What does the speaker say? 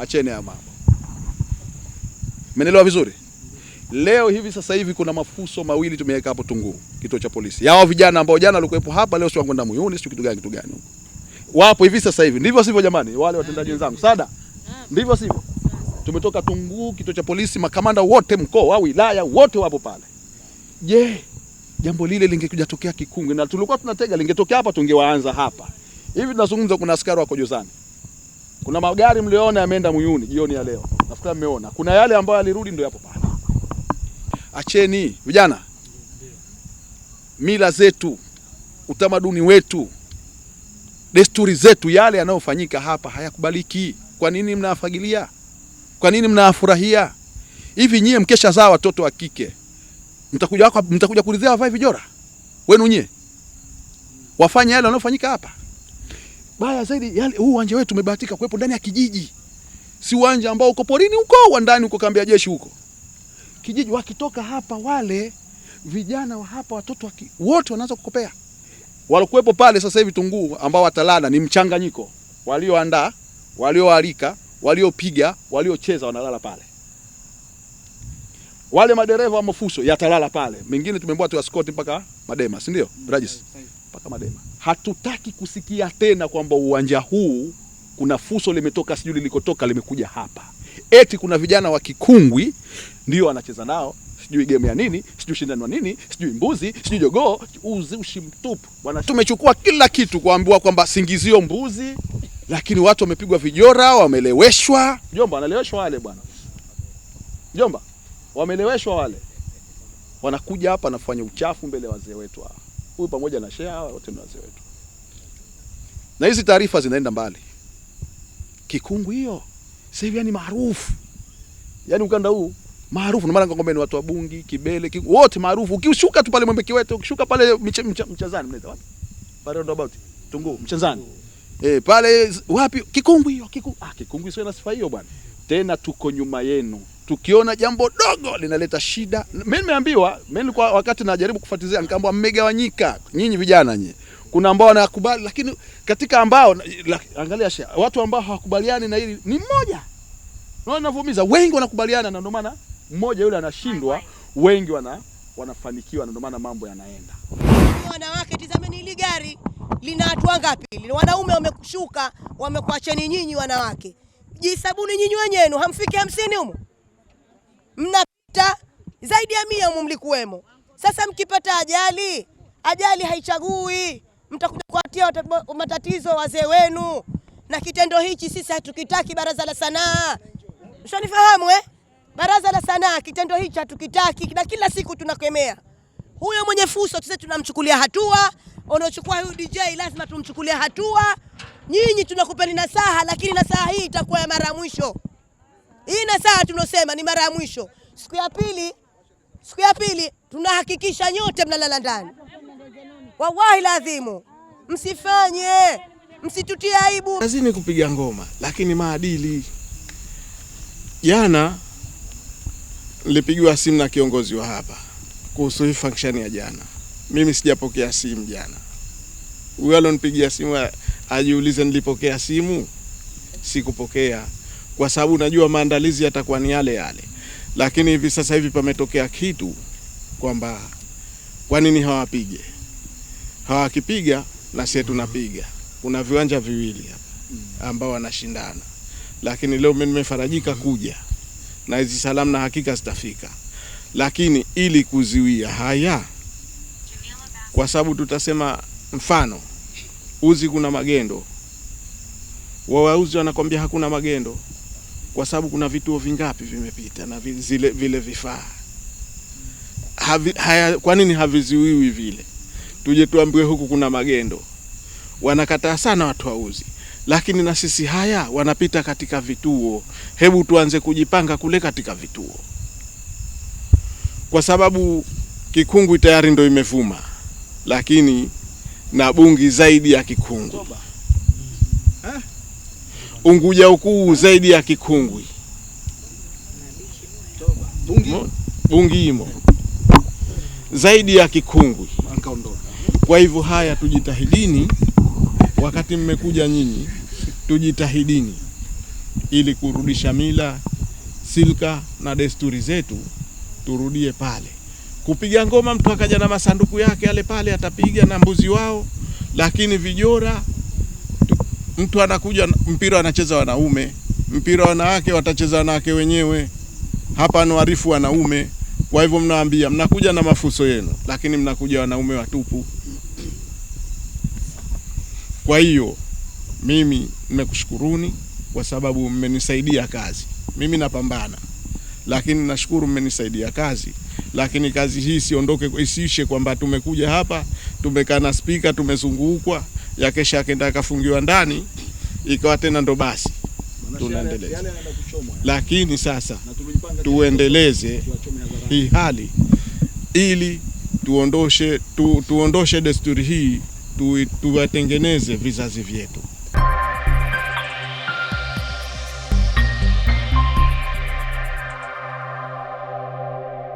acheni haya mambo. Menelewa vizuri? Leo hivi sasa hivi kuna mafuso mawili tumeweka hapo Tunguu, kituo cha polisi. Yao vijana ambao jana walikuwepo hapa leo, sio kwenda Muyuni, sio kitu gani kitu gani, wapo hivi sasa hivi. Ndivyo sivyo jamani, wale watendaji wenzangu sada, ndivyo sivyo? Tumetoka Tunguu, kituo cha polisi, makamanda wote mkoa, wilaya wote wapo pale. Je, Jambo lile lingekuja tokea Kikungu na tulikuwa tunatega lingetokea hapa, tungewaanza hapa hivi tunazungumza, kuna askari wako Jozani kuna magari mlioona yameenda Muyuni jioni ya leo, nafikiri mmeona. Kuna yale ambayo yalirudi ndio yapo pale. Acheni vijana, mila zetu, utamaduni wetu, desturi zetu, yale yanayofanyika hapa hayakubaliki. Kwa nini mnayafagilia? Kwa nini mnayafurahia? Hivi nyie mkesha zaa watoto wa kike mtakuja, mtakuja kuridhia wavae vijora wenu nyie, wafanye yale yanayofanyika hapa? baya zaidi, yani huu uwanja wetu umebahatika kuwepo ndani ya kijiji, si uwanja ambao uko porini huko wa ndani huko kambi ya jeshi huko kijiji. Wakitoka hapa wale vijana wa hapa watoto waki, wote wanaanza kukopea. Walokuwepo pale sasa hivi Tunguu ambao watalala ni mchanganyiko, walioandaa, walioalika, waliopiga, waliocheza wanalala pale. Wale madereva wa mafuso yatalala pale, mengine tumeambiwa tu askoti mpaka Madema, si ndio? Mm, Rajis mpaka Madema hatutaki kusikia tena kwamba uwanja huu kuna fuso limetoka sijui lilikotoka limekuja hapa, eti kuna vijana wa kikungwi ndio wanacheza nao sijui game ya nini sijui shindano nini sijui mbuzi sijui jogoo, uzushi mtupu bwana. Tumechukua kila kitu kuambiwa kwamba singizio mbuzi, lakini watu wamepigwa vijora, wameleweshwa. Jomba wanaleweshwa wale bwana, jomba wameleweshwa wale, wanakuja hapa nafanya uchafu mbele ya wazee wetu hawa huyu pamoja na shea, hawa wote ni wazee wetu, na hizi taarifa zinaenda mbali. Kikungu hiyo sasa hivi yani maarufu, yani ukanda huu maarufu, na maana ngombe ni watu wa Bungi, Kibele, wote maarufu. Ukishuka tu pale Mwembe Kiwete, ukishuka pale mchezani mnaita wapi pale roundabout Tungu mchezani. eh, pale wapi? Kikungu hiyo Kikungu, ah, Kikungu sio na sifa hiyo bwana, tena tuko nyuma yenu tukiona jambo dogo linaleta shida. Mimi nimeambiwa, mimi nilikuwa wakati najaribu kufuatilia, nikaambiwa mmegawanyika nyinyi vijana nyinyi. Kuna ambao wanakubali, lakini katika ambao angalia, shia, watu ambao hawakubaliani na hili ni mmoja. Unaona navyomiza, wengi wanakubaliana, na ndio maana mmoja yule anashindwa, wengi wana wanafanikiwa, na ndio maana mambo yanaenda. Wanawake, tizameni hili gari lina watu wangapi? Wanaume wamekushuka, wamekuacheni nyinyi wanawake. Jisabuni nyinyi wenyewe, hamfiki hamsini humo mnapita zaidi ya mia humu mlikuwemo. Sasa mkipata ajali, ajali haichagui, mtakuja kuatia matatizo wazee wenu, na kitendo hichi sisi hatukitaki. Baraza la Sanaa ushanifahamu eh? Baraza la Sanaa, kitendo hichi hatukitaki, na kila siku tunakemea huyo mwenye fuso. Sisi tunamchukulia hatua, unaochukua huyu DJ lazima tumchukulia hatua. Nyinyi tunakupeni nasaha, lakini nasaha hii itakuwa ya mara mwisho. Hii na saa tunaosema ni mara ya mwisho. Siku ya pili, siku ya pili tunahakikisha nyote mnalala ndani. Wallahi lazimu, msifanye msitutie aibu. Lazima kupiga ngoma, lakini maadili. Jana nilipigiwa simu na kiongozi wa hapa kuhusu hii function ya jana. Mimi sijapokea simu jana. Huyo alonipigia simu ajiulize nilipokea simu? Sikupokea kwa sababu najua maandalizi yatakuwa ni yale yale, lakini hivi sasa hivi pametokea kitu kwamba kwa nini hawapige? Hawakipiga na sisi tunapiga. Kuna viwanja viwili hapa ambao wanashindana, lakini leo mimi nimefarajika kuja na hizi salamu, na hakika zitafika, lakini ili kuziwia haya, kwa sababu tutasema mfano uzi kuna magendo, wauzi wanakwambia hakuna magendo kwa sababu kuna vituo vingapi vimepita na vile, vile vifaa havi, haya, kwa nini haviziwiwi vile? Tuje tuambiwe huku kuna magendo. Wanakataa sana watu wauzi, lakini na sisi haya wanapita katika vituo. Hebu tuanze kujipanga kule katika vituo, kwa sababu kikungwi tayari ndo imevuma, lakini na bungi zaidi ya kikungwi. Unguja Ukuu zaidi ya kikungwi Bungimo zaidi ya kikungwi. Kwa hivyo haya, tujitahidini, wakati mmekuja nyinyi, tujitahidini ili kurudisha mila, silka na desturi zetu, turudie pale kupiga ngoma. Mtu akaja na masanduku yake yale pale, atapiga na mbuzi wao, lakini vijora Mtu anakuja mpira anacheza wanaume, mpira wanawake watacheza wanawake wenyewe. Hapa warifu wanaume. Kwa hivyo mnaambia, mnakuja na mafuso yenu, lakini mnakuja wanaume watupu. Kwa hiyo mimi nimekushukuruni kwa sababu mmenisaidia kazi. Mimi napambana, lakini nashukuru mmenisaidia kazi. Lakini kazi hii siondoke, isiishe kwamba tumekuja hapa tumekaa na spika tumezungukwa ya kesha akaenda akafungiwa ndani, ikawa tena ndo basi tunaendeleza. Lakini sasa tuendeleze hii hali ili tuondoshe tu, tuondoshe desturi hii tu, tuwatengeneze vizazi vyetu.